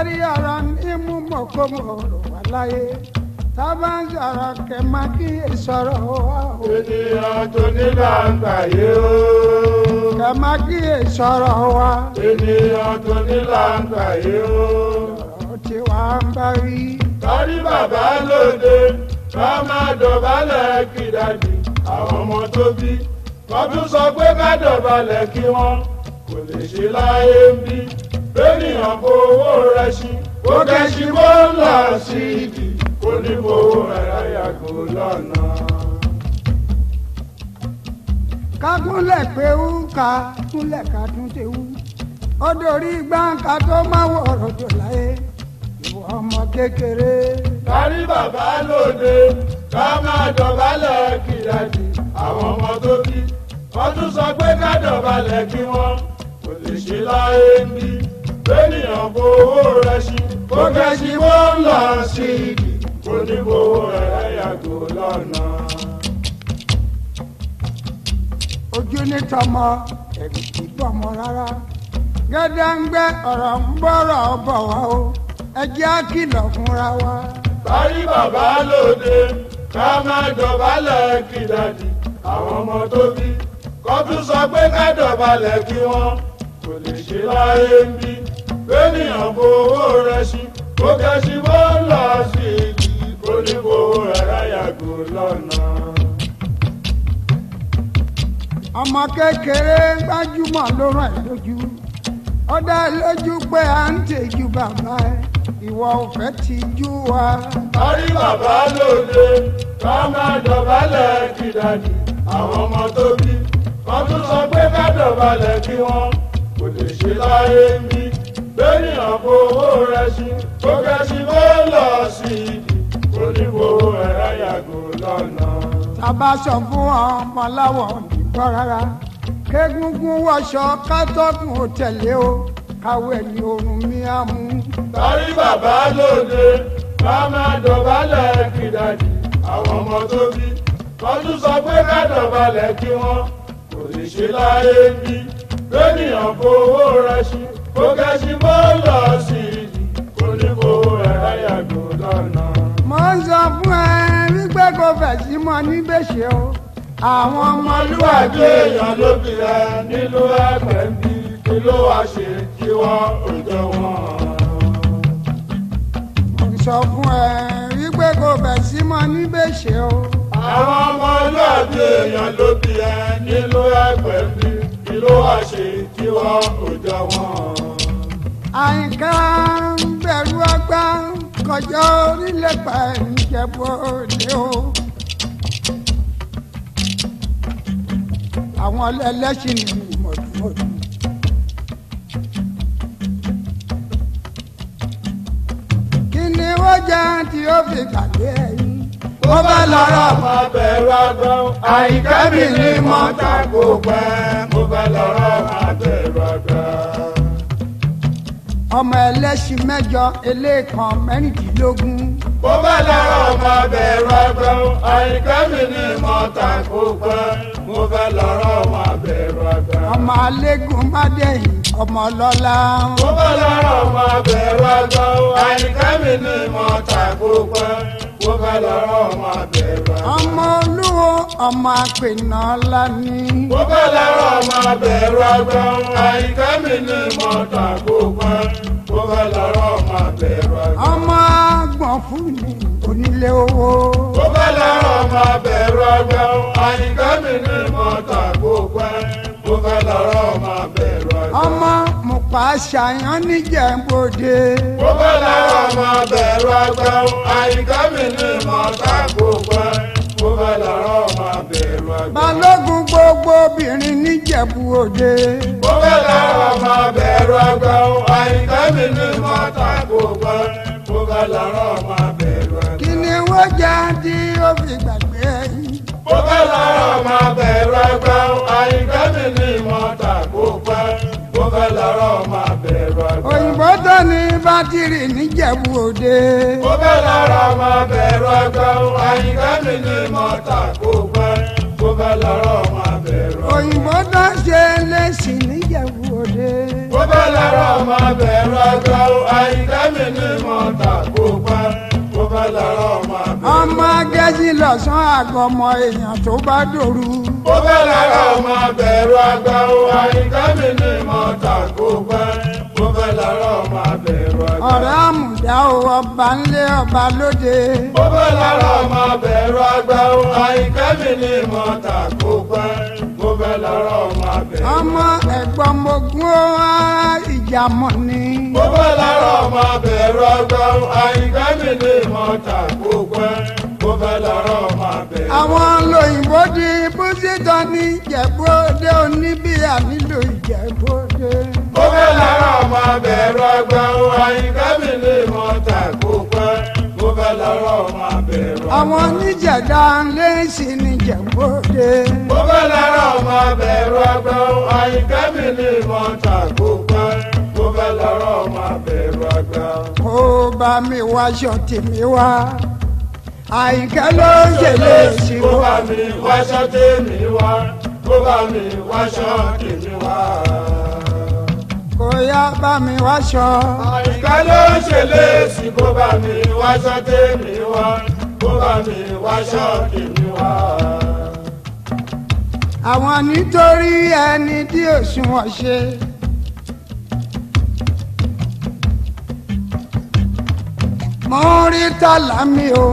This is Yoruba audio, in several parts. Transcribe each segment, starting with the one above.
sárí ara ní mú mọ̀ pé mo rò wá láyé tábà ń sọ̀rọ̀ kẹ̀ má kí n sọ̀rọ̀ wá e o. ènìyàn tó ní làǹgbà yé o. kẹ̀ má kí n sọ̀rọ̀ ènìyàn tó ní làǹgbà yé o. ọ̀rọ̀ tí wàá ń bá rí. kárí bàbá lóde ká má dọ̀bálẹ̀ kìdàdì àwọn ọmọ tó bí. wọ́n tún sọ pé ká dọ̀bálẹ̀ kí wọ́n kò lè ṣe láyé ń bí kéèyàn kó owó rẹ̀ sí kó kẹ́sì kó là sí ìdí kó ní kó rẹ̀ yàgò lọ́nà. ká kúnlẹ̀ pé wú ká kúnlẹ̀ ká tún ṣe wú ó dorí gbáǹkà tó máa wọ ọ̀rọ̀ jọ láyé ìwọ ọmọ kékeré. kárí bàbá lóde ká máa dọ̀bálẹ̀ kìdàdì àwọn ọmọ tó bí wọ́n tún sọ pé ká dọ̀bálẹ̀ kí wọ́n kò lè ṣe láyé ń bí lẹ́nìyàn fowó rẹ̀ ṣí kó kẹ́sí bó ń lọ sí ibi kó ní fowó rẹ̀ yàgò lọ́nà. ojú ní tọmọ ẹ̀rù kì í bọ̀mọ rárá gẹ́dẹ́ǹgbẹ́ ọ̀rọ̀ ń bọ̀rọ̀ bọ̀ wá o ẹ á kìlọ̀ fúnra wa. parí bàbá lóde ká má dọ̀bálẹ̀ kí dàdí àwọn ọmọ tó bí kọ́ tún sọ pé ká dọ̀bálẹ̀ kí wọ́n kò lè ṣe láyé ń bí gbẹ́nìyàn fowó rẹ̀ sí kó kẹ́sí bó lọ sí ìdí kó ní fowó rárá yàgò lọ́nà. ọmọ kékeré gbajúmọ̀ ló ràn ẹ́ lójú ó dá lójú pé à ń tẹ̀jú bàbá ẹ̀ ìwọ ò ti jú wa. a rí bàbá lóde ká máa dọ̀bálẹ̀ kìdàdì àwọn ọmọ tó bí wọ́n tún sọ pé ká dọ̀bálẹ̀ kí wọ́n kò lè ṣe láyé mi bẹ́ẹ̀nìyàn fowó rẹ̀ sí kó kẹ́sí bó lọ sí ibi kó ní fowó ẹ̀rá yàgò lọ́nà. tábà sọ fún ọmọ láwọn ò rárá kégúngún wọṣọ kátọ́gùn ò tẹ̀lé o káwé ni oorun mi á mú. torí bàbá lóde bá máa dọ̀bálẹ̀ kìdàjì àwọn ọmọ tó bí wọ́n tún sọ pé ká dọ̀bálẹ̀ kí wọ́n kò lè ṣe láyé bí bẹ́ẹ̀nìyàn fowó rẹ̀ sí fẹ̀sí mọ́ níbẹ̀ṣẹ̀ o. àwọn ọmọlúwàbí èèyàn ló bí ẹ nílùú ẹgbẹ́ ń bí kí ló wá ṣe kí wọ́n ò jẹ wọ́n. sọ fún ẹ wípé kò fẹ̀sí mọ́ níbẹ̀ṣẹ̀ o. àwọn ọmọlúwàbí èèyàn ló bí ẹ nílùú ẹgbẹ́ ń kí ló wá ṣe kí wọ́n kò jọ wọ́n. àyìnká ń bẹ̀rù ọgbà kọjá orílẹ̀ pàǹjẹ̀bọ̀ ni ó. àwọn ẹlẹ́sìn ni mọ̀tòmọ̀tò. kí ni wọ́n jẹ́ tí ó fi kàgbé ẹ̀yìn ó bá lọ́rọ̀ máa bẹ̀rù agbọ́n àyíká mi ní mọ́tà kò pẹ́ fẹ́ lọ́rọ́ àtẹ̀rọ àgbà. ọmọ ẹlẹ́ṣin mẹ́jọ eléèkan mẹ́rìndínlógún. bó bá lọ́rọ̀ ọmọ bẹ̀rù àgbà o àyíká mi ni mo ta kó pẹ́ mo fẹ́ lọ́rọ̀ ọmọ bẹ̀rù àgbà. ọmọ alégún mádẹ́yìn ọmọ lọ́la. bó bá lọ́rọ̀ ọmọ bẹ̀rù àgbà àyíká mi ni mo kó pẹ́ wọ́n fẹ́ lọ́rọ́ ọmọ abẹ́bà. ọmọ olúwo ọmọ àpènà la ni. wọ́n fẹ́ lọ́rọ́ ọmọ abẹ́rù agbọ́n àyíkẹ́ mi ni mo tà kó pọ́n. wọ́n fẹ́ lọ́rọ́ ọmọ abẹ́rù agbọ́n. ọmọ agbọ̀n fún mi onílé owó. wọ́n fẹ́ lọ́rọ́ ọmọ abẹ́rù agbọ́n àyíkẹ́ mi ni mo kó pọ́n. wọ́n fẹ́ lọ́rọ́ ọmọ abẹ́rù agbọ́n. ọmọ fàṣàyàn níjẹ̀bọ̀dé. mo fẹ́ láwọn ọmọ bẹ̀rù àgbà àyíká mi ní mọ̀ọ́tà kò pẹ́. mo fẹ́ láwọn ọmọ bẹ̀rù àgbà. balógun gbogbo obìnrin níjẹ̀bú òde. mo fẹ́ láwọn ọmọ bẹ̀rù àgbà àyíká mi ní mọ̀ọ́tà kò mo fẹ́ láwọn ọmọ bẹ̀rù àgbà. kí ni wọ́n jẹ́ ó fi gbàgbé ẹ̀yìn. mo fẹ́ láwọn ọmọ bẹ̀rù àgbà. sátìrì níjẹ̀bú òde. ó bẹ́ lára máa bẹ̀rù àgbà òun àyíká mi ni mo ta kó pẹ́. ó bẹ́ lára máa bẹ̀rù àgbà. òyìnbó tó ṣe léṣì níjẹ̀bú òde. ó bẹ́ lára máa bẹ̀rù àgbà òun àyíká mi ni mo ta kó pẹ́. ó bẹ́ lára máa bẹ̀rù àgbà. ọmọ agẹ́jì lọ́sàn àgọ́ ọmọ èèyàn tó bá dòru. ó bẹ́ lára máa bẹ̀rù àgbà òun àyíká mi ni mo ta kó pẹ́ tó fẹ́ lọ́rọ̀ ọmọ abẹ̀rù àgbà. ọ̀rẹ́ àmùdá o ọba ńlé ọba lóde. tó fẹ́ lọ́rọ̀ ọmọ àgbà o àyíkẹ́ mi ni mo tà kó pẹ́. tó fẹ́ lọ́rọ̀ ọmọ abẹ̀rù àgbà. ọmọ ẹ̀gbọ́n mo gún ó ìjà mọ̀ ni. tó fẹ́ lọ́rọ̀ ọmọ àgbà o àyíkẹ́ mi ni mo tà kó pẹ́ tó fẹ́ lọ́rọ̀ máa bẹ̀rẹ̀. àwọn lòyìnbó di pósítọ̀ ní ìjẹ̀bú-òde oníbíyà nílò ìjẹ̀bú-òde. ó fẹ́ lọ́rọ̀ máa bẹ̀rù ọgbà òun àyíká mi lè mọ tàkó pẹ́. ó fẹ́ lọ́rọ̀ máa bẹ̀rù. àwọn oníjẹ̀dá lẹ́sì ní ìjẹ̀bú-òde. ó fẹ́ lọ́rọ̀ máa bẹ̀rù ọgbà òun àyíká mi lè mọ tàkó pẹ́ bá lọ́rọ̀ máa bẹ̀rù àgbà. ó bá mi wáṣọ mi wá àyìnkẹ́ ló ń ṣèlè sí i. kó mi wáṣọ tèmi wá kó mi wáṣọ tèmi wá. kó yá bá mi wáṣọ. àyìnkẹ́ ló ń ṣèlè sí i. kó mi wáṣọ tèmi wá kó mi wáṣọ tèmi wá. àwọn nítorí ẹni tí òṣùwọ̀n ṣe. mo ń rí tàlámì o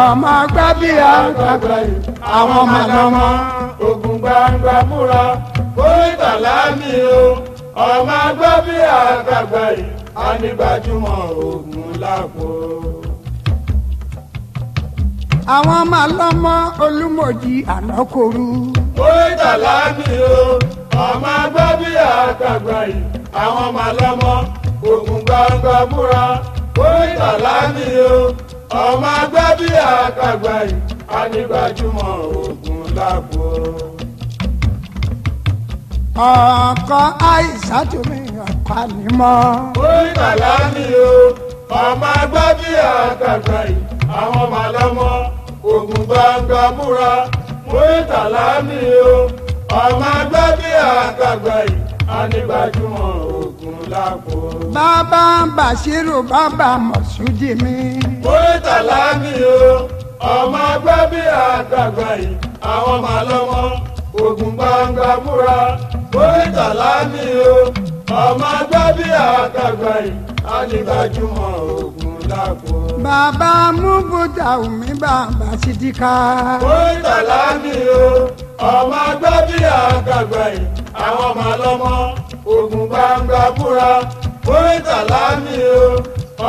ọmọ agbábí àgbàgbà yìí àwọn ọmọ àlọmọ ogun gbangba múra kórìtà láàmì o ọmọ agbábí àgbàgbà yìí anígbàjúmọ̀ ogun lápò. àwọn ọmọ àlọmọ olúmọjì ànákòrú. kórìtà láàmì o ọmọ agbábí àgbàgbà yìí àwọn ọmọ àlọmọ ogun gbangba múra kórìtà láàmì o ọmọ agbẹ́ bí àkàgbà yìí anígbàjúmọ̀ oògùn lágbo. ọkọ àìsàtò mi ọkọ ànímọ́. orí bàlá mi o ọmọ agbẹ́ bí àkàgbà yìí àwọn màlọ́mọ oògùn gbangba múra orí bàlá mi o ọmọ agbẹ́ àkàgbà yìí anígbàjúmọ̀ oògùn lápò. bàbá Bàṣírù bàbá Mọ̀súdì mi. orí tàlá o ọmọ ẹgbẹ́ bí àgbààgbà yìí àwọn ọmọ àlọ́mọ ogun gbangba múra. orí tàlá o ọmọ ẹgbẹ́ bí àgbààgbà yìí àdìgbàjúmọ̀ ogun lápò. bàbá múbúdà omi bàbá sídìkà. orí tàlá o ọmọ ẹgbẹ́ bí àgbààgbà yìí àwọn ọmọ àlọ́mọ ogun gbangba búra kórìtà lámì o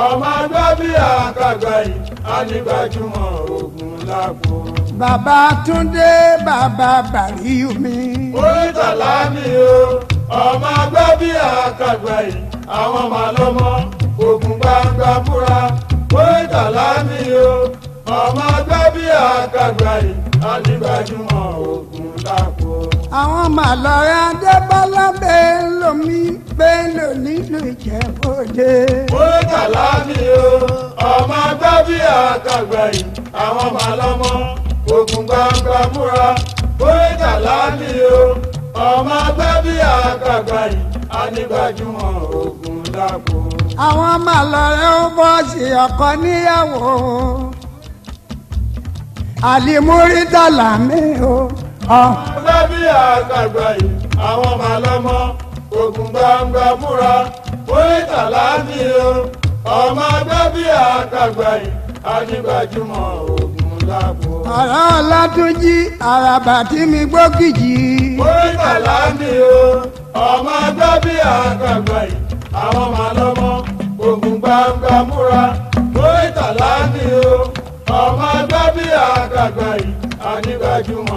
ọmọ agbábí àkàgbà yìí anígbàjúmọ̀ ogun lágbo. bàbá túndé bàbá bàríyù mi. kórìtà lámì o ọmọ agbábí àkàgbà yìí àwọn màlọ́mọ́ ogun gbangba búra kórìtà lámì o ọmọ agbábí àkàgbà yìí anígbàjúmọ̀ ogun àwọn màlọ́rẹ́ adébọ́lá bẹ́ẹ̀ lomi bẹ́ẹ̀ lò nínú ìjẹ́bọ̀dé. mọ́tàlá mi o ọmọ gbábí àtàgbà yìí àwọn màlọ́mọ ogun gbangba múra mọ́tàlá mi o ọmọ gbábí àtàgbà yìí anígbàjúmọ̀ ogun dàpọ̀. àwọn màlọ́rẹ́ ó bọ́ọ̀sì ọkọ níyàwó àlìmúrídàlà mi o. Oh bí àgbàgbà yìí àwọn màlọ́mọ́ ogun gbangba múra mọ́lẹ́tà láàbí o ọmọ ẹgbẹ́ bí àgbàgbà yìí adigbajúmọ̀ ogun láàbò. ará ọlátúnjí àràbà tí mi gbókìjì. mọ́lẹ́tà láàbí o ọmọ ẹgbẹ́ bí àgbàgbà yìí àwọn màlọ́mọ́ ogun gbangba múra mọ́lẹ́tà láàbí o ọmọ ẹgbẹ́ bí àgbàgbà yìí adigbajúmọ̀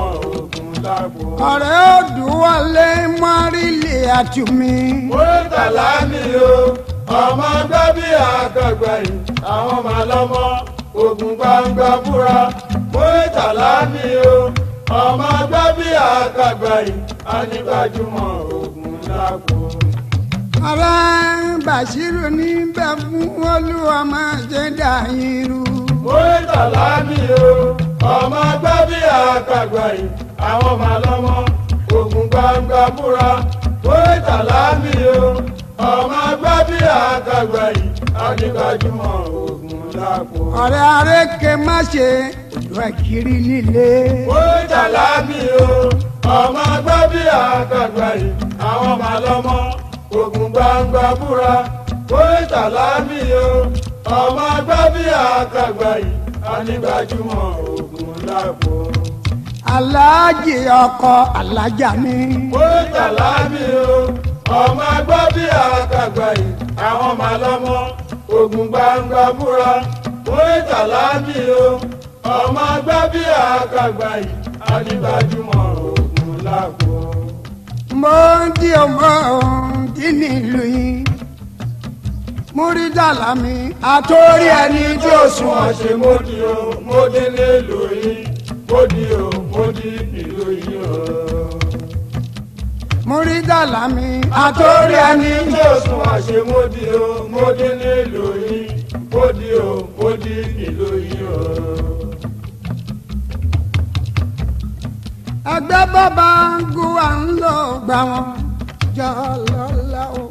ọ̀rẹ́ òdùwọlé mọ́rílì àtúmí. mọ́tàlá ni o ọmọ gbábí àkàgbà yìí àwọn màlọ́mọ ogun gbangba búra mọ́tàlá ni o ọmọ gbábí àkàgbà yìí anígbàjúmọ̀ ogun lágbo. ọ̀rẹ́ bàṣírù ní bẹ́ẹ̀ fún olúwa máa ṣe dà yín rú. mọ́tàlá ni o ọmọ gbábí àkàgbà yìí àwọn màlọ́mọ ògùn gbangba búra kóríta láàmì o ọmọ agbá bí àtàgbà yìí adigbajúmọ̀ ògùn làkó. ọ̀rẹ́ arékè má ṣe lọ kiri nílé. kóríta láàmì o ọmọ agbá bí àtàgbà yìí àwọn màlọ́mọ ògùn gbangba búra kóríta láàmì o ọmọ agbá bí àtàgbà yìí adigbajúmọ̀ ògùn làkó aláàjì ọkọ alájà mi. kóòtà láàbì o ọmọ agbọ́ bí àtàgbà yìí àwọn màlọ́mọ ogun gbangba búra kóòtà láàbì o ọmọ agbọ́ bí àtàgbà yìí àdìbàjúmọ̀ ogun làkó. mo ń di ọmọ òun dín nílùú yìí múrídàlá mi. àtórí ẹni tí ó sùn ọ̀sẹ̀ mo di o mo délé lórí mo di o. PDP lóyún o. Murità Lámì. àtòrí ẹni tí ó sùn mọ́dí o mọ́dí nílùú yín mọ́dí o PDP lóyún o. ẹgbẹ́ bàbá ń gun à ń lọ gbà wọ́n jọ lọ́la o.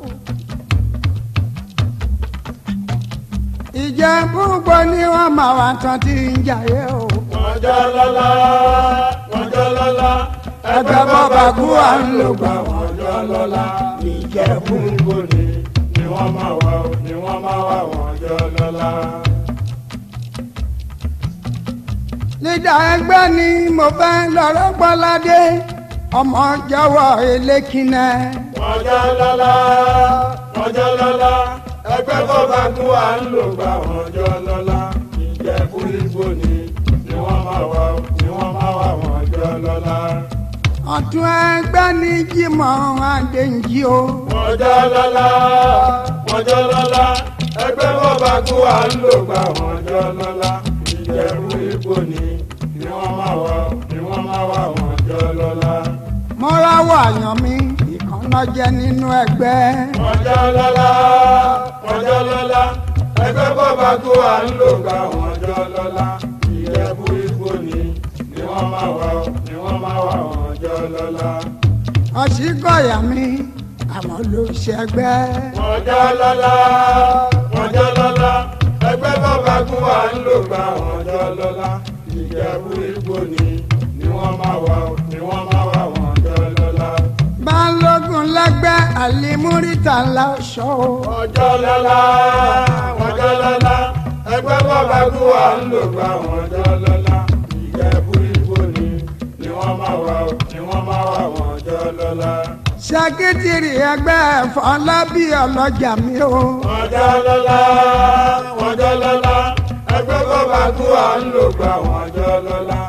ìjẹun púpọ̀ ni wọ́n máa wà tán tí ń jayé o. wọ́n jọ lọ́la wọ́n jọ lọ́lá. ẹgbẹ́ bàbá gún à ń lò gbà wọ́n jọ lọ́lá. ìjẹ̀kùn gbòòrè ni wọ́n máa wà ni wọ́n máa wà wọ́n jọ lọ́lá. lídà ẹgbẹ́ ni mo fẹ́ lọ́rọ́ gbọ́ládé ọmọ jọ̀wọ́ elékinẹ. wọ́n jọ lọ́lá wọ́n jọ bàbá gún à ń lò gbà wọ́n jọ lọ́lá. ìjẹ̀kùn ni wọ́n máa wà lọ́lá. ọ̀tún ẹgbẹ́ ní jimoh adéǹjì o. wọ́n jọ lọ́lá wọ́n jọ lọ́lá ẹgbẹ́ wọn bá kú à ń lò gbà wọ́n jọ lọ́lá ìjẹ̀bú ipò ni ni wọ́n máa wà ni wọ́n máa wà wọ́n jọ lọ́lá. mọ́ra wà yàn mí ìkànnà jẹ́ nínú ẹgbẹ́. wọ́n jọ lọ́lá wọ́n ẹgbẹ́ bọ́ bá kú à ń lò gbà wọ́n jọ lọ́lá ìjẹ̀bú wọ́n máa wà ó ni wọ́n máa wà ó jọ lọ́la. ọ̀sìnkọ̀yà mi àmọ́ ló ṣẹgbẹ́. wọ́n jọ lọ́la wọ́n jọ lọ́la ẹgbẹ́ bàbá gún wa ń lò gba wọ́n jọ lọ́la igbó ni ni wọ́n máa wà ó ni wọ́n máa wà wọ́n jọ lọ́la. balógun lẹ́gbẹ́ ńlá ṣọ́. wọ́n jọ lọ́la wọ́n jọ bàbá gún wa ń lò gba wọ́n jọ wọ́n máa wà ó ni wọ́n Fọlábí ọlọ́jà mi o. wọ́n jọ lọ́la wọ́n jọ lọ́la tó à ń lò gbà wọ́n jọ lọ́la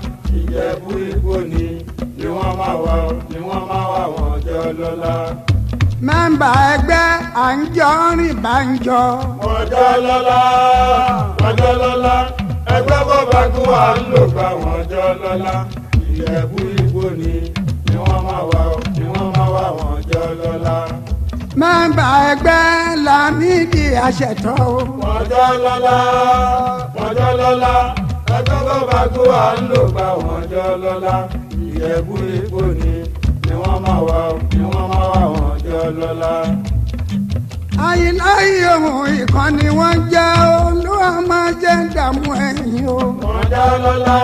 Igbó ni ni wọ́n máa wà ni wọ́n máa wà wọ́n jọ mẹ́mbà ẹgbẹ́ àǹjọ́rìn bàǹjọ. ọjọ́ lọ́la ọjọ́ lọ́la ẹgbẹ́ bọ́bá kú wa ń lò gbà wọ́n ọjọ́ ìjẹ̀bú ìgbò ni ni wọ́n máa wà ni wọ́n máa wà wọ́n jọ lọ́la. mẹ́mbà ẹgbẹ́ Lámídì àṣetọ́ o. wọ́n jọ lọ́la wọ́n lọ́la ẹjọ́ bá bá gbó à ń lò gbà wọ́n lọ́la ìjẹ̀bú ìgbò ni ni wọ́n máa wà ni wọ́n máa wà wọ́n lọ́la àyìnláyìn ohun ìkànnì wọn jẹ olúwa máa jẹ dààmú ẹ̀yin o. ọjà lọlá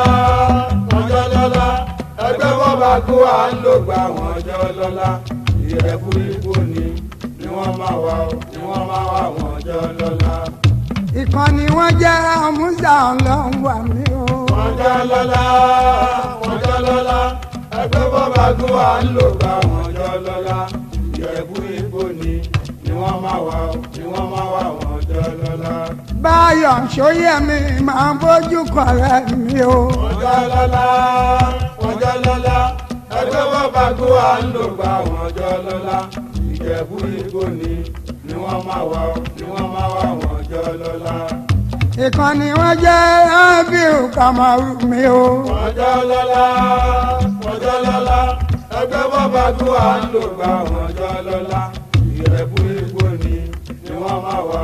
ọjà lọlá ẹgbẹ́ wọn bá kú à ń lò gba àwọn ọjọ́ lọ́la ìrẹ́kú ikú ni ni wọ́n máa wá ni wọ́n máa wá àwọn ọjọ́ lọ́la. ìkànnì wọn jẹ́ ọmúṣà ọlọ́run wà mí o. wọ́n jẹ́ lọ́la wọ́n jẹ́ lọ́la ẹgbẹ́ wọn bá kú à ń lò gba àwọn ọjọ́ lọ́la ìrẹ́kú ikú ni ni wọ́n máa wá ni wọ́n máa wá àwọn báyọ̀ sóyẹ̀mí máa ń bójú kọ̀ rẹ̀ mi o. ọjà lọ́la ọjà lọ́la ẹgbẹ́ wọn bá gbó wa ń lò gba àwọn ọjọ́ lọ́la ìjẹ̀bú igbó ni ni wọ́n máa wá ni wọ́n máa wá àwọn ọjọ́ lọ́la. ìkànnì wọn jẹ́ ábíù kàmáwù mi o. ọjọ́ lọ́la ọjọ́ lọ́la ẹgbẹ́ wọn bá gbó ń lò gba àwọn ọjọ́ lọ́la ìjẹ̀bú igbó ni ni wọ́n máa wá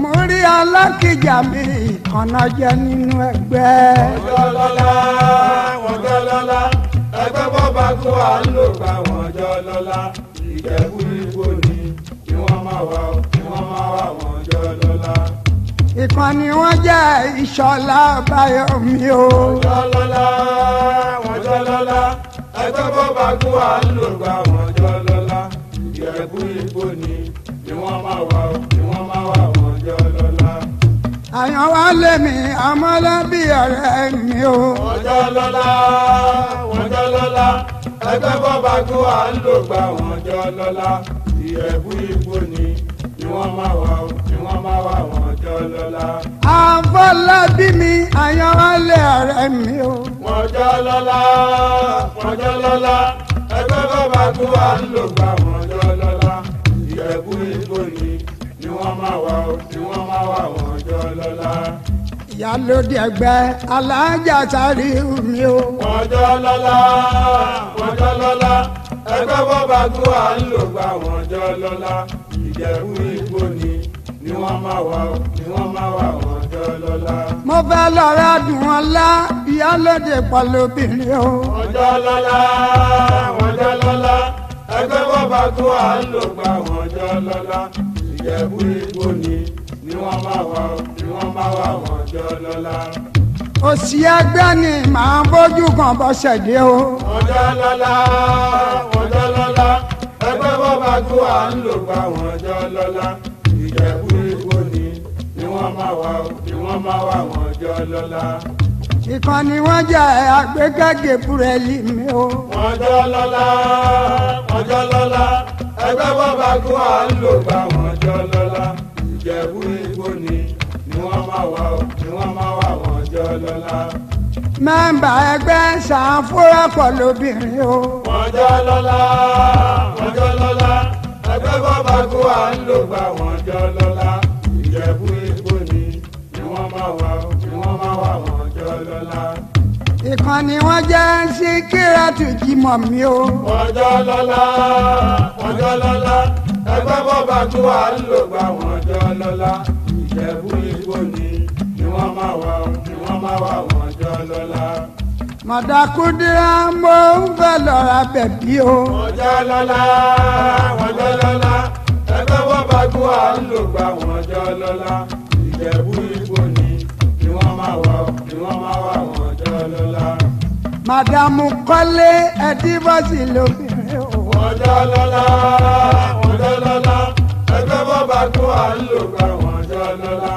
mo rí alákìjà mi ìkànnà jẹ nínú ẹgbẹ́. ọjọ́lọ́lá ọjọ́lọ́lá ẹgbẹ́ bọ́ bá tó à ń lò pa àwọn ọjọ́lọ́lá ìjẹ̀bú igbó ni kí wọ́n máa wá kí wọ́n máa wá àwọn ìkànnì wọn jẹ ìṣọlá báyọmí o. ọjọ́lọ́lá ọjọ́lọ́lá ẹgbẹ́ bọ́ tó à lò pa àwọn ọjọ́lọ́lá ìjẹ̀bú ni kí wọ́n máa wá o àyàn wá lé mi amọ́lábí ọ̀rẹ́ mi o. ọjọ́ lọ́la ọjọ́ lọ́la ẹgbẹ́ bọ́ba kú à ń lò gba àwọn lọ́la ìrẹ̀bù igbó ni ni wọ́n máa wà ó ni wọ́n máa wà àwọn ọjọ́ lọ́la. àfọlábí mi àyàn wá lé ọ̀rẹ́ mi o. ọjọ́ lọ́la ọjọ́ lọ́la ẹgbẹ́ bọ́ba kú à ń lò gba àwọn lọ́la ìrẹ̀bù igbó ni ni wọ́n máa wà ó ìyálóde ẹgbẹ́ alájà sáré mi o. ọjọ́ lọ́la ọjọ́ lọ́la ẹgbẹ́ bọ́ba tó à ń lò gba àwọn ọjọ́ lọ́la ìjẹ̀bú igbó ni ni wọ́n máa wà ni wọ́n máa wà àwọn ọjọ́ mo fẹ́ lọ dùn wọn lá ìyálóde pẹ̀lú o. ọjọ́ lọ́la ọjọ́ lọ́la ẹgbẹ́ bọ́ba tó à ń lò gba àwọn ọjọ́ lọ́la ìjẹ̀bú ni kí wọ́n bá wà ó wọ́n jọ lọ́la. òsì ẹgbẹ́ ni màá bójú kan bọ́ ṣẹ̀dé o. ọjọ́ lọ́la ọjọ́ lọ́la ẹgbẹ́ bọ́ bá tó à ń lò gba wọn ọjọ́ lọ́la ìjẹ̀bú ìwò ni kí wọ́n bá wà ó kí wọ́n bá wà wọ́n jọ lọ́la ìkan ni wọ́n jẹ́ búrẹ́lì mi o. ọjọ́ lọ́la ọjọ́ lọ́la ẹgbẹ́ bàbá kú à ń lò gbà wọ́n jọ lọ́la ìjẹ̀bú igbó ni ni wọ́n máa wà ni wọ́n máa wà wọ́n jọ lọ́la. mẹ́mbà ẹgbẹ́ ṣàǹfúrà pọ̀ lóbìnrin o. wọ́n jọ lọ́la wọ́n jọ lọ́la ẹgbẹ́ bàbá tó wà ń lò gbà wọ́n jọ lọ́la ìjẹ̀bú igbó ni ni wọ́n máa wà ni wọ́n máa wà wọ́n jọ lọ́la ìkan ni wọ́n sí kíra tù jí mọ̀ mí o. ọjọ́ lọ́la ọjọ́ lọ́la ẹgbẹ́ bọ́ba tún wà nílò gba wọn jọ lọ́la ìjẹ̀bú igbó ni ni wọ́n máa wà ni wọ́n máa wà wọn jọ lọ́la. mọ̀dàkúndínlá mo ń fẹ́ lọ́ra bẹ̀bí o. wọ́n jọ lọ́la wọ́n jọ lọ́la ẹgbẹ́ bọ́ba tún wà nílò gba wọn jọ lọ́la ìjẹ̀bú igbó ni ni wọ́n máa wà ni wọ́n máa wà wọn jọ lọ́la. màdàmú kọ́lé ẹdí bọ́sì wọ́n jọ lọ́lá wọ́n jọ lọ́lá ẹgbẹ́ bọ́ba tó à ń lò gbà wọ́n jọ lọ́lá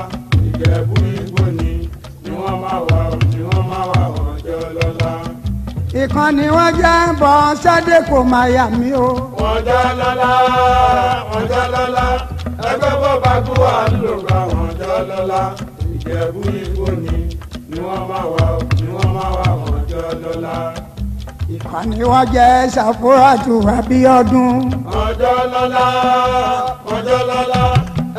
ìkan ni wọ́n jẹ́ bọ́ sádé kò máa yà mí o. wọ́n jọ lọ́lá wọ́n jọ lọ́lá ẹgbẹ́ bọ́ba tó à ń lò gbà wọ́n jọ lọ́lá ni wọ́n máa wà ni wọ́n ìkànnì wọn jẹ́ ṣàfúràtù àbíọ́dún. ọjọ́ lọ́la ọjọ́ lọ́la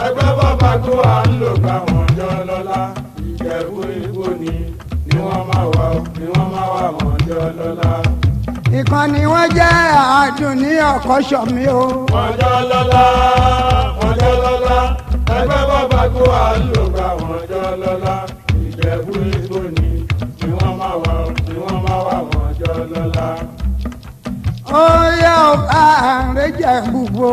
ẹgbẹ́ bàbá tó à ń lò gba àwọn ọjọ́ lọ́la ìjẹ̀bú igbó ni ni wọ́n máa wà ni wọ́n máa wà mọ́ ọjọ́ lọ́la. ìkànnì wọn jẹ́ àádùn ní ọ̀kọ́ṣọ́ mi o. ọjọ́ lọ́la ọjọ́ lọ́la ẹgbẹ́ bàbá tó à ń lò gba àwọn ọjọ́ lọ́la ìjẹ̀bú igbó. ó yá ọba àrẹ́jẹ̀ gbogbo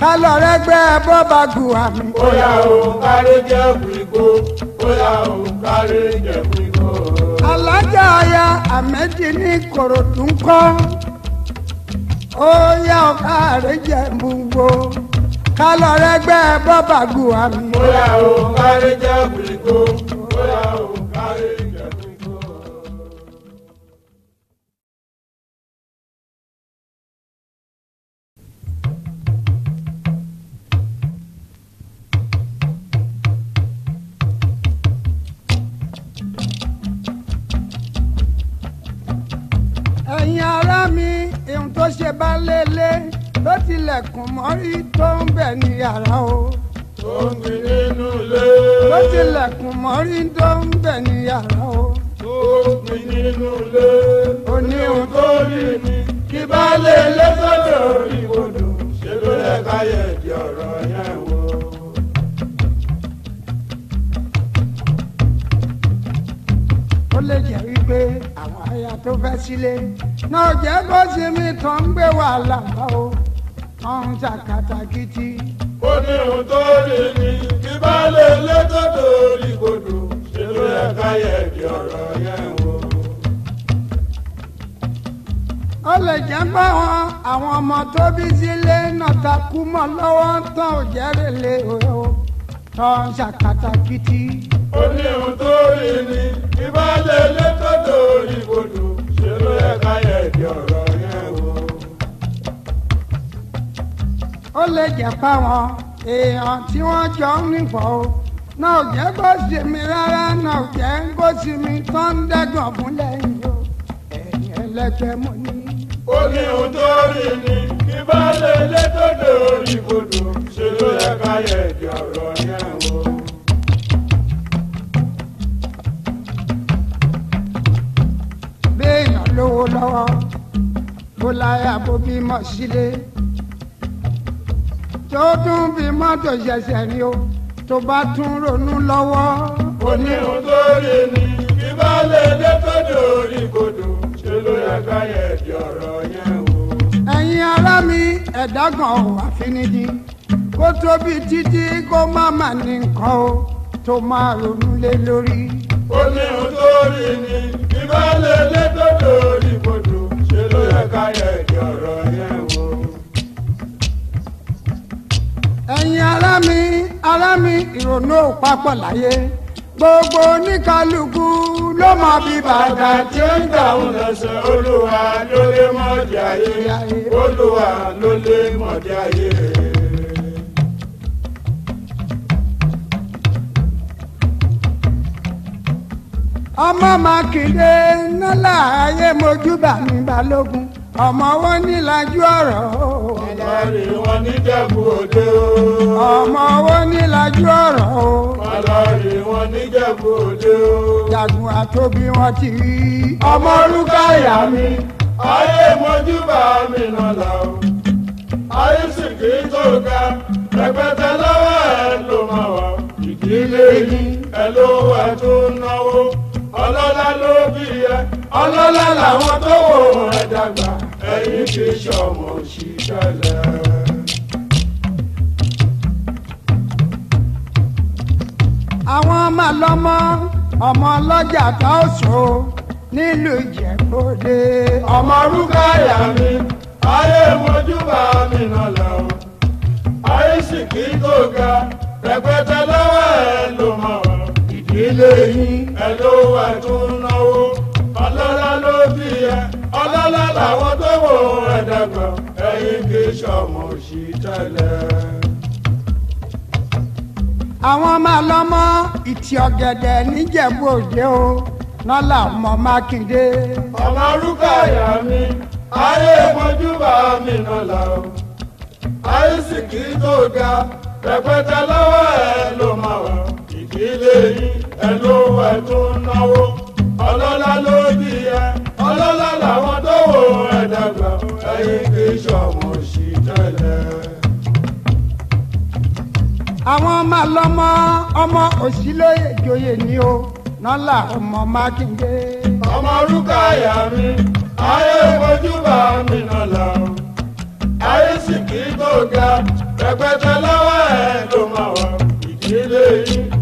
ká lọ rẹ́gbẹ́ bọ́ba gùn àmì. ó yá o kárẹ́ jẹ́ gbogbo ó yá o kárẹ́ jẹ́ gbogbo. alájà ọya àmẹ́jì ní kòròdú ń kọ́ ọba àrẹ́jẹ̀ gbogbo ká bọ́ba gùn àmì. ó yá o gbogbo ó yá o kárẹ́. tó ṣe bá lélẹ̀ tó tilẹ̀kùn mọ́rí tó ń bẹ̀ ní yàrá o. tó ń gbé nínú ilé. tó tilẹ̀kùn mọ́rí tó ń bẹ̀ ní yàrá o. tó nínú ilé. ó ní ohun tó rí ni kí bá lélẹ̀ sọ́dọ̀ ìbòdò ṣe ló yẹ ká di ọ̀rọ̀ yẹn wò. ó lè jẹ́ wípé tó fẹ́ sílé náà jẹ́ kó sinmi tán ń gbé wàhálà bá o tán ń ṣàkàtà kìtì. ó ní ohun tó lè ní kí bá lè lẹ́tọ̀ tó rí kodò ṣe ló yẹ ká yẹ di ọ̀rọ̀ yẹn wò. ó lè jẹ́ pé wọn àwọn ọmọ tó bí sílé náà ta kú mọ́ lọ́wọ́ tán ò jẹ́rìí lé o tán ń ṣàkàtà kìtì. ó ní ohun tó rí ní ìbálẹ̀ lẹ́tọ̀ tó rí kodò yẹ ká yẹ di ọ̀rọ̀ yẹn wò. ó lè jẹ́ fáwọn èèyàn tí wọ́n jọ ń nìbọn o náà ò jẹ́ kó sì mí rárá náà ò jẹ́ kó sì mí tó ń dẹ́gàn fún lẹ́yìn o ẹ̀yìn ẹlẹ́gbẹ́ mo ní. ó ní ohun tó rí ni kí bá lè lé tó dé orí kodò ṣe ló yẹ ká yẹ di ọ̀rọ̀ yẹn wò. lówó lọ́wọ́ bó láyà bó bímọ sílé tó tún bímọ tó ṣẹ̀ṣẹ̀ ni o tó bá tún ronú lọ́wọ́. òní ò tó rí ni bí bá lè dé tó dòrí kodò ṣe ló yẹ ká yẹ di ọ̀rọ̀ yẹn o. ẹ̀yin ará mi ẹ̀dágàn ò àfinidí kó tóbi títí kó má mà ní nǹkan o tó máa ronú lé lórí. òní ò tó rí ni ìbálẹ̀ mi ará mi ìrònú òpapọ̀ láyé gbogbo oníkálukú ló máa bí bàtà tí ó ń dàrún lọ́sẹ̀ olúwa ló mọ̀ọ́dí ayé olúwa ló mọ̀ọ́dí ayé. ọmọ Mákindé nálà ayé mojúbà ní Balógun ọmọ wọn nílajú ọ̀rọ̀ o. màlárí wọn níjẹ̀bú òde o. ọmọ wọn nílajú ọ̀rọ̀ o. màlárí wọn níjẹ̀bú òde o. jagun àtòbí wọn ti rí. ọmọ orúkọ ìyá mi ayé mojúbà mi nọlá o. ayé sì kì í tó ga rẹpẹtẹ lọ́wọ́ ẹ ló máa wà. ìdílé yín ẹ ló wà tó náwó ọlọ́lá ló bí ẹ ọlọ́lá làwọn tó wò ẹ dàgbà ẹ̀yin fi ṣọmọ òṣìṣẹ́lẹ̀. àwọn ọmọ lọ́mọ ọmọ ọlọ́jà tá ò so nílùú ìjẹ́kọ̀ọ́dé. ọmọ rúkà yà mí ayé mojúbà mi náà lẹ́wọ̀n ayé sì kí tó ga rẹpẹtẹ lọ́wọ́ ẹ ló mọ̀ wá ilé yín ẹ̀dọ́ wà tún náwó ọlọ́lá ló bí ẹ ọlọ́lá làwọn tó wò ẹ̀dàgbà ẹ̀yìn kì í ṣọmọ òṣì tẹ́lẹ̀. àwọn máa lọ́mọ ìtì ọ̀gẹ̀dẹ̀ níjẹ̀bú òde o nọ́là ọmọ mákindé. ọmọ rúkà ìyá mi ayé mojúbà mi nọ́là o àìsíkì tó ga rẹpẹtẹ lọ́wọ́ ẹ ló máa wà ilé yín ẹ ló wẹ tó ń náwó ọlọ́lá ló bí ẹ ọlọ́lá làwọn tó wò ẹ dàgbà ẹ̀yin kì í ṣọmọ sí tẹ́lẹ̀. àwọn ọmọ àlọ́mọ ọmọ òṣìlẹ̀ ìjòyè ni ó nọ́là ọmọ mákindé. ọmọ rúkà yà mí ayé ojúbà mi nọ́là ayé sì kì í tó ga rẹpẹtẹ lọ́wọ́ ló máa wà ìdílé yìí.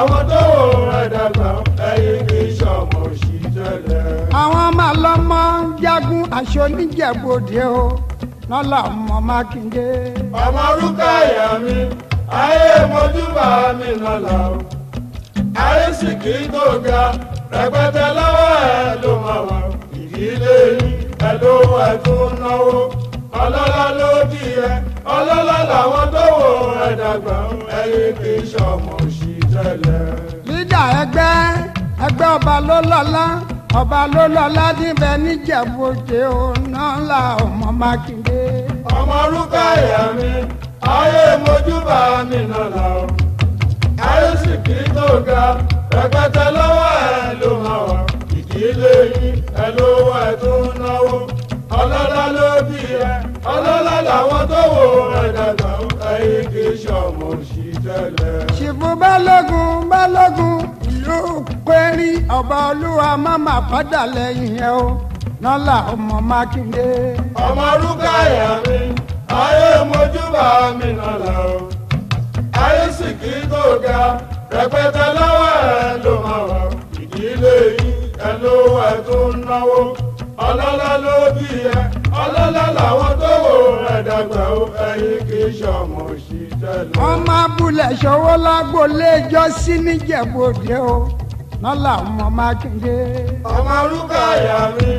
àwọn tó rẹ̀ dàgbà ẹ̀yin kì í ṣọmọ sí tẹ́lẹ̀. àwọn máa lọ́mọ jagun aṣọ níjẹ̀bọ̀dẹ̀ o lọ́la ọmọ mákindé. ọmọ rúkà ìyá mi ayé mojúbà mi lọ́la o ayé sì kì í tó ga rẹpẹtẹ lọ́wọ́ ẹ ló máa wà ìdílé yìí ẹ ló wà tún náwó ọlọ́lá ló di ẹ ọlọ́lá làwọn tó wò ẹ dàgbà ẹ̀yin kì í ṣọmọ sí lídà ẹgbẹ́ ẹgbẹ́ ọba ló lọ́lá ọba ló lọ́lá níbẹ̀ níjẹ̀bú òjè òun náà la ọmọ mákindé. ọmọ orúkọ ẹ̀yà mi ayé mojúbà mi náà la ayé sì kì tó ga rẹpẹtẹ lọ́wọ́ ẹ ló máa wà ìdílé yín ẹ lówó ẹ tó náwó ọlọ́lá ló bí ẹ ọlọ́lá làwọn tó wò ẹ dàgbà ẹ̀yìn kì í ṣe ọmọ òṣì. ṣìfù balógun balógun yóò pẹ́rí ọba olúwa má má padà lẹ́yìn ẹ o nọ́là ọmọ mákindé. ọmọ rúkà yà mí ayé mojúbà mi nọ́là o ayé sì kí tó ga rẹpẹtẹ lọ́wọ́ ẹ ló máa wà ìdílé yìí ẹ ló ẹ tó ń náwó ọlọ́lá ló bí ẹ ọlọ́lá làwọn tó wò ẹ dàgbà ó ẹyin kì í ṣọmọ sí i. ọmọ abúlé ṣọwọ́lá lágbólé jọ sí níjẹ̀bọ̀dé o nọ́là ọmọ mákindé. ọmọ arúgbó àyà mi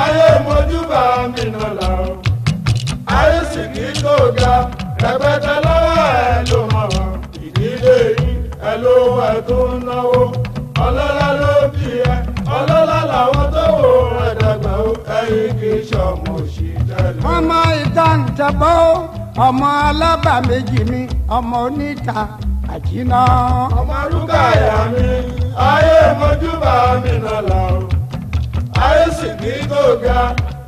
ayé mojúbà mi nọ́là o ayé sì kì í tó ga rẹpẹtẹ lọ́wọ́ ẹ ló mọ̀ ìdílé ẹ ló tó ń náwó ọlọ́lá ló bí ìkíṣọ́ mo ṣì tẹ́lẹ̀. ọmọ ìta ń tẹ́bọ́ ọmọ alábà méjì mi ọmọ oníta àjínà. ọmọ rúkàyà mi ayé mojúbà mi nàlá o ayé sì ní tó ga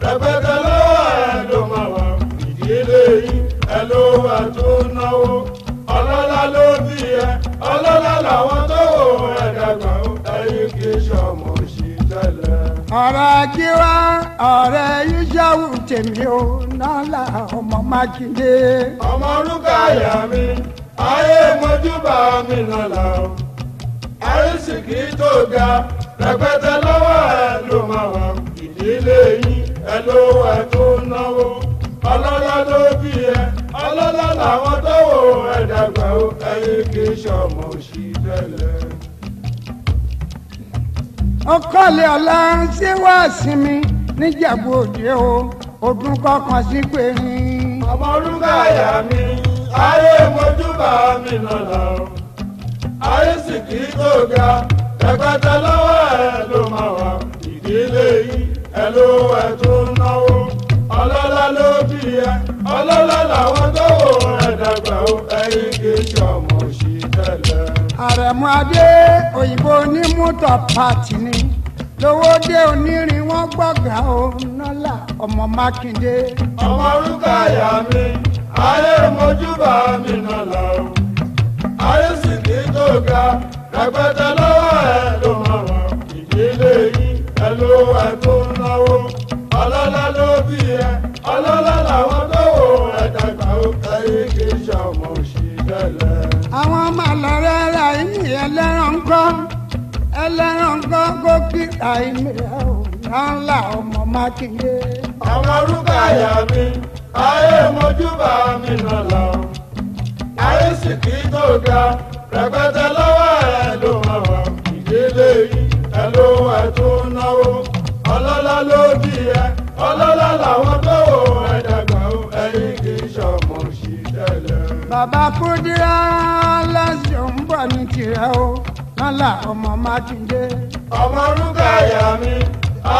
rẹpẹtẹ lọ́wọ́ ẹ̀ ló máa wà ìdílé yìí ẹ ló wà tó náwó ọlọ́lá ló bí ẹ ọlọ́lá làwọn tó wò ẹ̀ dàgbà kì í ṣọmọ sí tẹ́lẹ̀. ọ̀rọ̀ kí wá ọ̀rẹ́ yíyáwó tèmi ó nọ́là ọmọ mákindé. ọmọ orúkọ àyà mi ayé mojúbà mi nọ́là o àrísìkí tó ga rẹpẹtẹ lọ́wọ́ ẹ ló máa wà ìdílé yín ẹ lówó ẹ tó náwó ọlọ́lá ló bí ẹ ọlọ́lá làwọn tó wò ẹ dàgbà ó ẹ̀yin kì í ṣọmọ òṣì tẹ́lẹ̀. ọkọ lè ọlá ń ṣe wá sí mi níjẹ̀bú o ọdún kọkàn sí pé ní. ọmọ orúkọ àyà mi ayé mojúbà mi lọ́la o ayé sì kì í tó ga ẹ̀pẹ̀tẹ̀ lọ́wọ́ ẹ̀ ló máa wà ìdílé yìí ẹ̀ ló ẹ̀ tó náwó ọlọ́lá ló bí ẹ ọlọ́lá làwọn tó wò ẹ̀ dàgbà o ẹ̀yìn kì í ṣọmọ sí tẹ́lẹ̀. àrẹ̀mú adé òyìnbó onímútọ̀ pàtì ni. lówódé onírin wọn gbọgà o ọmọ mákindé. ọmọ orúkọ àyà mi ayé mojúbà mi ríra ìmìlẹ̀ ọ̀nàńlá ọmọ mákindé. àwọn orúkọ àyà mi ayé mojúbà mi nàlá o ayé sì kì í tó ga rẹpẹtẹ lọ́wọ́ ẹ ló máa wà ìdílé yìí ẹ ló wà tó náwó ọlọ́lá ló bí ẹ ọlọ́lá làwọn tó wò ẹ dàgbà o ẹ̀yin kì í ṣọmọ sí tẹ́lẹ̀. bàbá kúndínlá lásìkò ń bọ̀ ní tirẹ̀ o lọ́la ọmọ mákindé ọmọ orúkọ àyà mi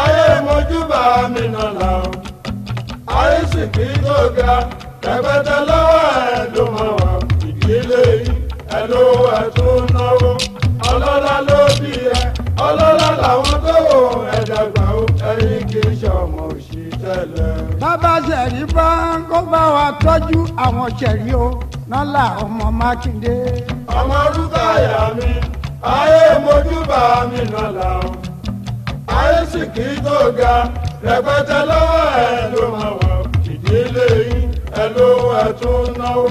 ayé mojúbà mi nàlá o àrísìkí tó ga rẹpẹtẹ lọ́wọ́ ẹ ló mọ wà ìdílé ẹ ló ẹ tún náwó ọlọ́lá ló bí ẹ ọlọ́lá làwọn tó wò ẹ dàgbà o ẹ̀yin kì í ṣe ọmọ òṣì tẹ́lẹ̀. bàbá sẹ̀rí bá ń kó bá wa tọ́jú àwọn sẹ̀rí o nọ́là ọmọ mákindé. ọmọ orúkọ àyà mi ayé mojúbà mi lọ́la o ayé sì kì í tó ga rẹpẹtẹ lọ́wọ́ ẹ ló máa wà ìdílé yín ẹ ló ẹ tún náwó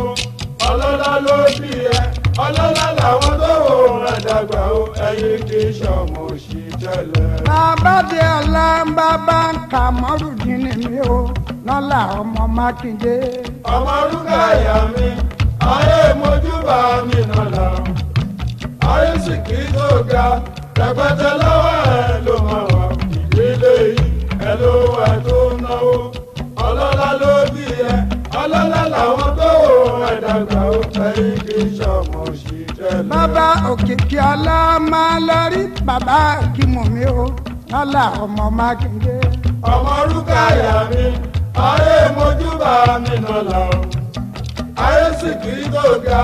ọlọ́lá ló bí ẹ ọlọ́lá làwọn tó wò wọn dàgbà ó ẹyin kì í ṣọmọ òṣì tẹ́lẹ̀. bàbáde ọlá ń bá báńkà mọ́rùndín ni mi ò lọ́la ọmọ mákindé. ọmọ rúkà ìyá mi ayé mojúbà mi lọ́la àrísìkí tó ga rẹpẹtẹ lọ́wọ́ ẹ ló máa wà ìgbélé yìí ẹ ló wà tó náwó ọlọ́lá ló bí ẹ ọlọ́lá làwọn tó wò ẹ̀dàgbà ó fẹ́ igi sọmọ sí tẹ́lẹ̀. bàbá òkìkí ọlá máa bàbá Kìmùmí o lọ́lá ọmọ Mákindé. ọmọ Rúkàyà mi ayé mojúbà mi nọ̀là o ayé sì kì í tó ga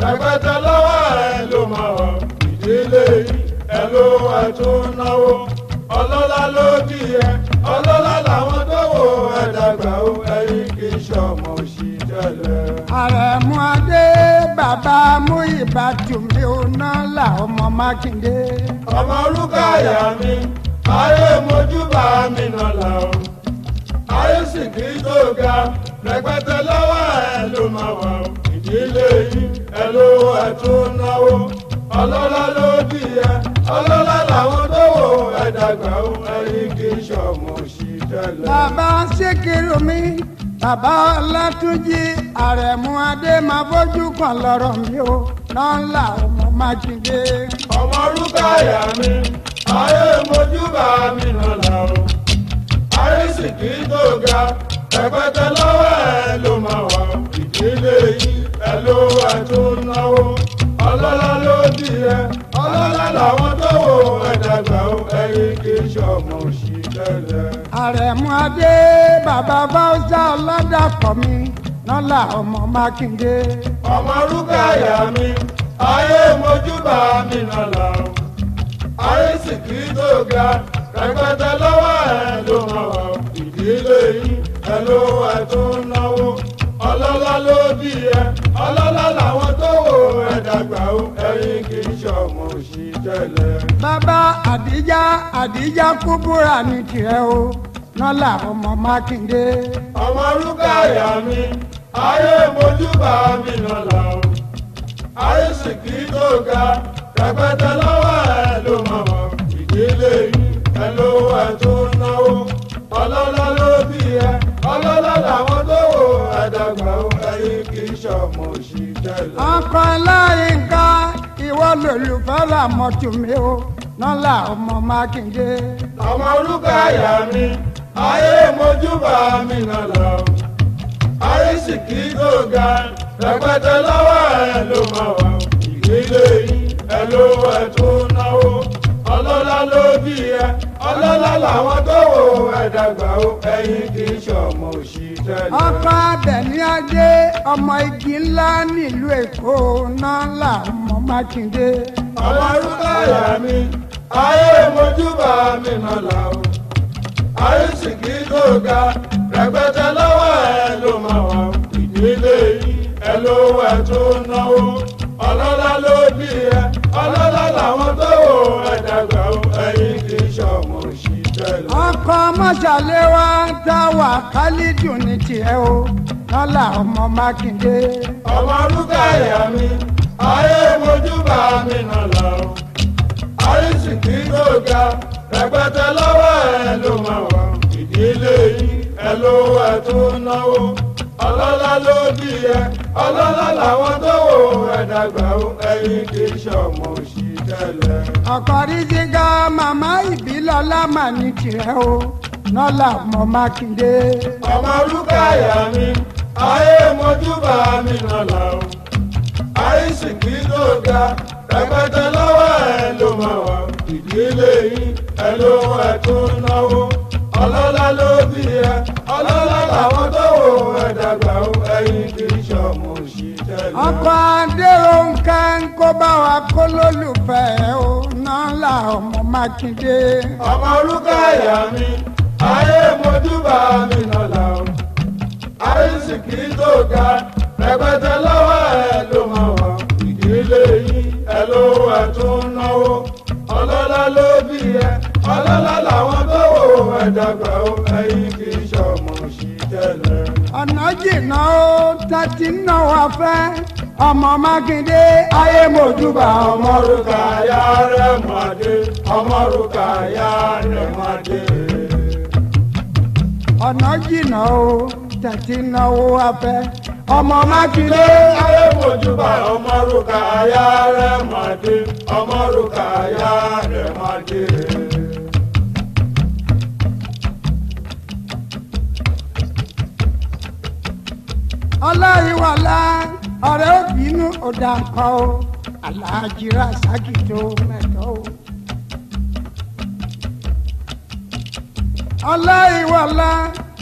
tàgbàtà lọ́wọ́ ẹ ló mọ̀ ìdílé ẹ ló wà tó náwó ọlọ́lá ló dì ẹ ọlọ́lá làwọn ọmọ orúkọ àyà mi ayé mojúbà mi nà là ayé sì kì tó ga rẹpẹtẹ lọ́wọ́ ẹ ló máa wà ó lówó ẹ náwó ọlọ́lá ló dì ẹ ọlọ́lá làwọn tó wò ẹ ó ẹyí kì í ṣọmọ sí tẹ́lẹ̀. bàbá ṣèkìrì mi bàbá ọlátúnjì àrẹ̀mú adé máa fojú kan lọ́rọ̀ mi ó nọ́ńlà ọmọ májídé. ọmọ orúkọ àyà mi ayé mojúbà mi nàlá o ayé sì kì í tó ga ẹ̀pẹ̀tẹ̀ lọ́wọ́ ẹ̀ ló máa wà ìdílé yìí ẹ ló ẹ tún náwó ọlọ́lá ló dì ẹ ọlọ́lá làwọn tó wò ẹ dàgbà ó ẹyin kì í ṣọmọ sí tẹ́lẹ̀. àrẹ̀mú adé bàbá fáúsà ọlọ́dàpọ̀ mi nọ́là ọmọ mákindé. ọmọ rúkà yà mí ayé mojúbà mi nọ́là ayé sì kì í tó ga rẹpẹtẹ. bàbá àdíjá àdíjá kú búra ní tirẹ̀ o nọ́là ọmọ mákindé. ọmọ rúkà yà mí ayé mojúbà mi nọ́là o ayé sì kì í tó ga rẹpẹtẹ lọ́wọ́ ẹ ló mọ̀ mọ́ ìdílé yìí ẹ lówó ẹ tó náwó ọlọ́lá ló bí ẹ ọlọ́lá làwọn tó wò ẹ dàgbà ó ẹyin kì í ṣọmọ òṣì tẹ́lẹ̀. ọkọ láyé ń ká. ìwọ lòlùfẹ́ làmọ́tò mi o nọ́là ọmọ mákindé. ọmọ olùkàyà mi ayé mojúbà mi nàlá àrísìkí tó ga rẹpẹtẹ lọ́wọ́ ẹ ló máa wà ìdílé yìí ẹ ló ẹ tó náwó ọlọ́lá ló bí ẹ ọlọ́lá làwọn tó wò ẹ̀dàgbà ó ẹ̀yìn kì í ṣọmọ òṣì tẹ́lẹ̀. ọkọ abẹ̀mí ajé ọmọ igi ńlá nílùú èkó náà là mọ́ mákindé. ọmọ rúkàyà mi ayé mojúbà mi náà là ó àrísìkí tó ga rẹpẹtẹ lọ́wọ́ ẹ ló máa wà ìdílé ẹ ló wẹ̀ tó náwó ọlọ́lá ló bí ẹ ọlọ́lá làwọn tó wò ẹ̀dàgbà ó ẹ̀yìn kì í ṣọmọ ọkọ mọ́jàlé wa dá wà Khalidu ní tiẹ̀ o lọ́la ọmọ Mákindé. ọmọ Rúkàyà mi ayé mojúbà mi nàlá o àrísìkí tó ga rẹpẹtẹ lọ́wọ́ ẹ ló máa wà ìdílé yìí ẹ lówó ẹ tó náwó ọlọ́lá ló bí ẹ ọlọ́lá làwọn tó wò ẹ̀dàgbà ẹ̀yìn kì í ṣọmọ òṣì tẹ́lẹ̀. ọ̀kọ̀rí jíga màmá ìbílọ́lá mà ní tirẹ̀ o nọ́là mọ́ mákindé. ọmọ olúkàyà mi ayé mojúbà mi nọ́là o àìsìkí tó ga rẹpẹtẹ lọ́wọ́ ẹ ló máa wà ìdílé yín ẹ ló ẹ tún náwó ọlọ́lá ló bí ẹ ọlọ́lá làwọn tó wò ẹ̀dàgbà ẹ̀yìn kì í ṣọmọ òṣì tẹ́lẹ̀. ọkọ̀ adéròǹkà ń kó bá wa kó lólùfẹ́ ó náà là ọmọ mákindé. ọmọ orúkọ ẹ̀yà mi ayé mojúbà mi nọ̀là o àìsìkì tó ga rẹpẹtẹ lọ́wọ́ ẹ ló máa wà ìdílé yín ẹ lówó ẹ tún náwó ọlọ́lá ló bí ẹ ọlọ́lá làwọn tó wò ó ẹ̀dàgbà ó ẹ̀yìn kì í ṣọmọ sí tẹ́lẹ̀. ọ̀nà jìnnà ó tẹ́tí náà wá fẹ́ ọmọ mákindé ayé mojúbà ọmọ rúkà yá rẹ̀ mọ́dé ọmọ rúkà yá rẹ̀ mọ́dé. ọ̀nà jìnnà ó tẹ̀tí náwó afẹ́ ọmọ mákindé ayé mojúbà ọmọ rúkà yá rẹ̀ mọ́dé ọmọ rúkà yá rẹ̀ mọ́dé. ọláyíwọlá ọ̀rẹ́ òbínú ọ̀dà nǹkan o aláàjírà ságìtò mẹ́tọ́ o. ọláyíwọlá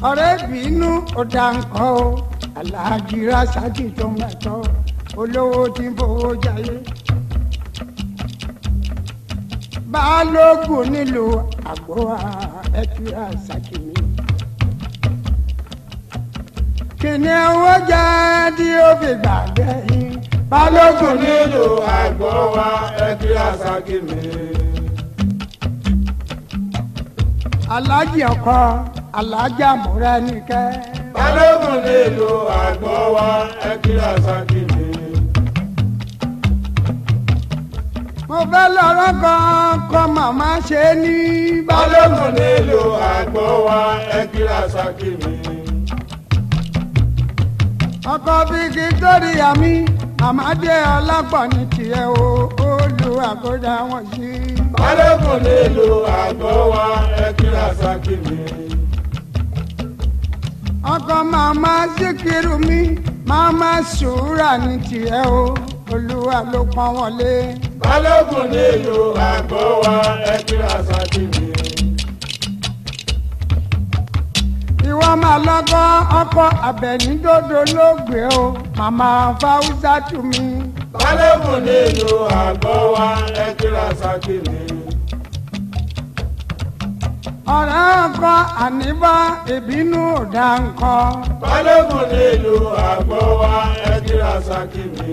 ọ̀rẹ́ òbínú ọ̀dà nǹkan o mẹ́tọ́ olówó tí ń nílùú ẹ̀túrà kìnìún ó jẹ́ tí ó fi gbàgbẹ́yìn balógun nílò àgbọ̀ wa ẹgbẹ́ àṣàkí mi. alájì ọkọ alájì àmúrẹ́ nìkẹ́. balógun nílò àgbọ̀ wa ẹgbẹ́ àṣàkí mi. mo fẹ́ lọ́rọ́ kan kọ́ màmá ṣe ní. balógun nílò àgbọ̀ wa ẹgbẹ́ àṣàkí mi ọkọ bí Victoria mi àmàdé ọlápọ̀ ní tiẹ̀ o ó lu àkójá wọn sí. balógun lè lo àgọ́ wa ẹ kíra sákì mi. ọkọ màmá síkírù mi màmá sùúrà ní tiẹ̀ o olúwa ló wọlé. balógun lè lo àgọ́ wa ẹ kíra sákì olúwa máa lọ́gán ọkọ abẹ̀nídòdò ló gbé o màmá fáwùsà tù mí. kálẹ́kùn nílùú àgọ́ wa ẹ kíra sákìlì. ọ̀rẹ́ ọkọ àníbá ìbínú ọ̀dà ńkọ. kálẹ́kùn nílùú àgọ́ wa ẹ kíra sákìlì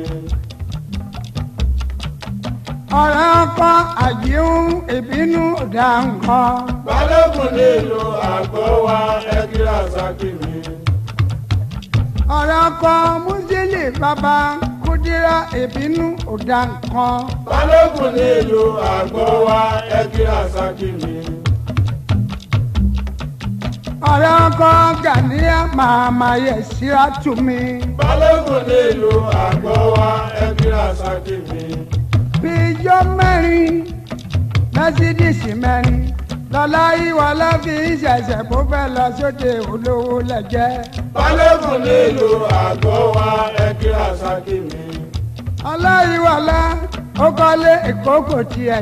ọ̀rẹ́ ọkọ àjíhùn ìbínú ọ̀dà nǹkan. balógun nílò àgọ́ wa ẹ kíra sákì mi. ọ̀rẹ́ ọkọ mújílì bàbá kúdírà ìbínú ọ̀dà nǹkan. balógun nílò àgọ́ wa ẹ kíra sákì ọ̀rẹ́ ọkọ gàníyà màmá yẹ síra tù balógun nílò àgọ́ wa ẹ kíra sákì ìjọ mẹ́rin mẹ́sídíìsì mẹ́rin lọ́lá ìwà ìṣẹ̀ṣẹ̀ fẹ́ lọ sóde olówó lẹ́jẹ́. balógun nílò àgọ́ wa àṣàkí mi. ó kọ́lé ìkókò tiẹ̀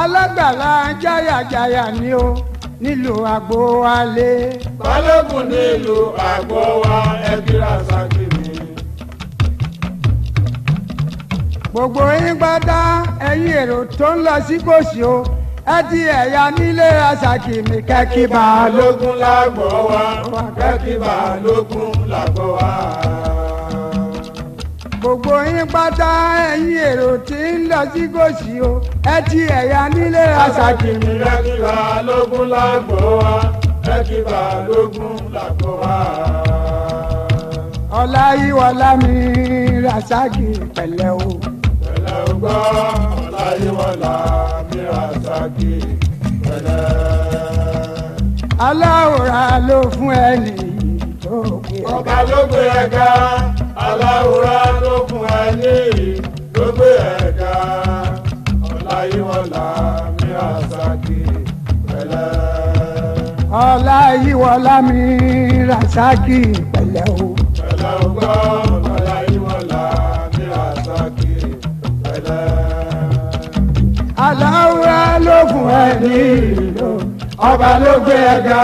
alágbàlá jáyàjáyà ni ó nílò àgbo wa lé. balógun nílò àgọ́ wa gbogbo yín gbádá ẹ̀yin èrò tó ń lọ sí kòsì o ẹ ti ẹ̀yà nílé àṣàkì mi kẹ́kí balógun lágbọ̀ wá kẹ́kí balógun lágbọ̀ wá. gbogbo yín gbádá ẹ̀yin èrò tí ń lọ sí kòsì o ẹ ti ẹ̀yà nílé àṣàkì mi kẹ́kí balógun lágbọ̀ wá kẹ́kí balógun lágbọ̀ wá ọláyíwọlá mi rasaki pẹ̀lẹ́ o gbọ́ ọ̀láyé wọn là mìíràn àtàkì pẹ̀lẹ́. aláwòrán ló fún ẹni tó gbé ẹ̀ka. ọba ló gbé ẹ̀ka aláwòrán ló fún ẹni ló gbé ẹ̀ka ọ̀láyé wọn là mìíràn àtàkì pẹ̀lẹ́. ọ̀láyé wọn là mìíràn àtàkì pẹ̀lẹ́ o. pẹ̀lẹ́ o gbọ́. lógun ẹ̀ ní ìlú ọba ló gbé ẹ ga.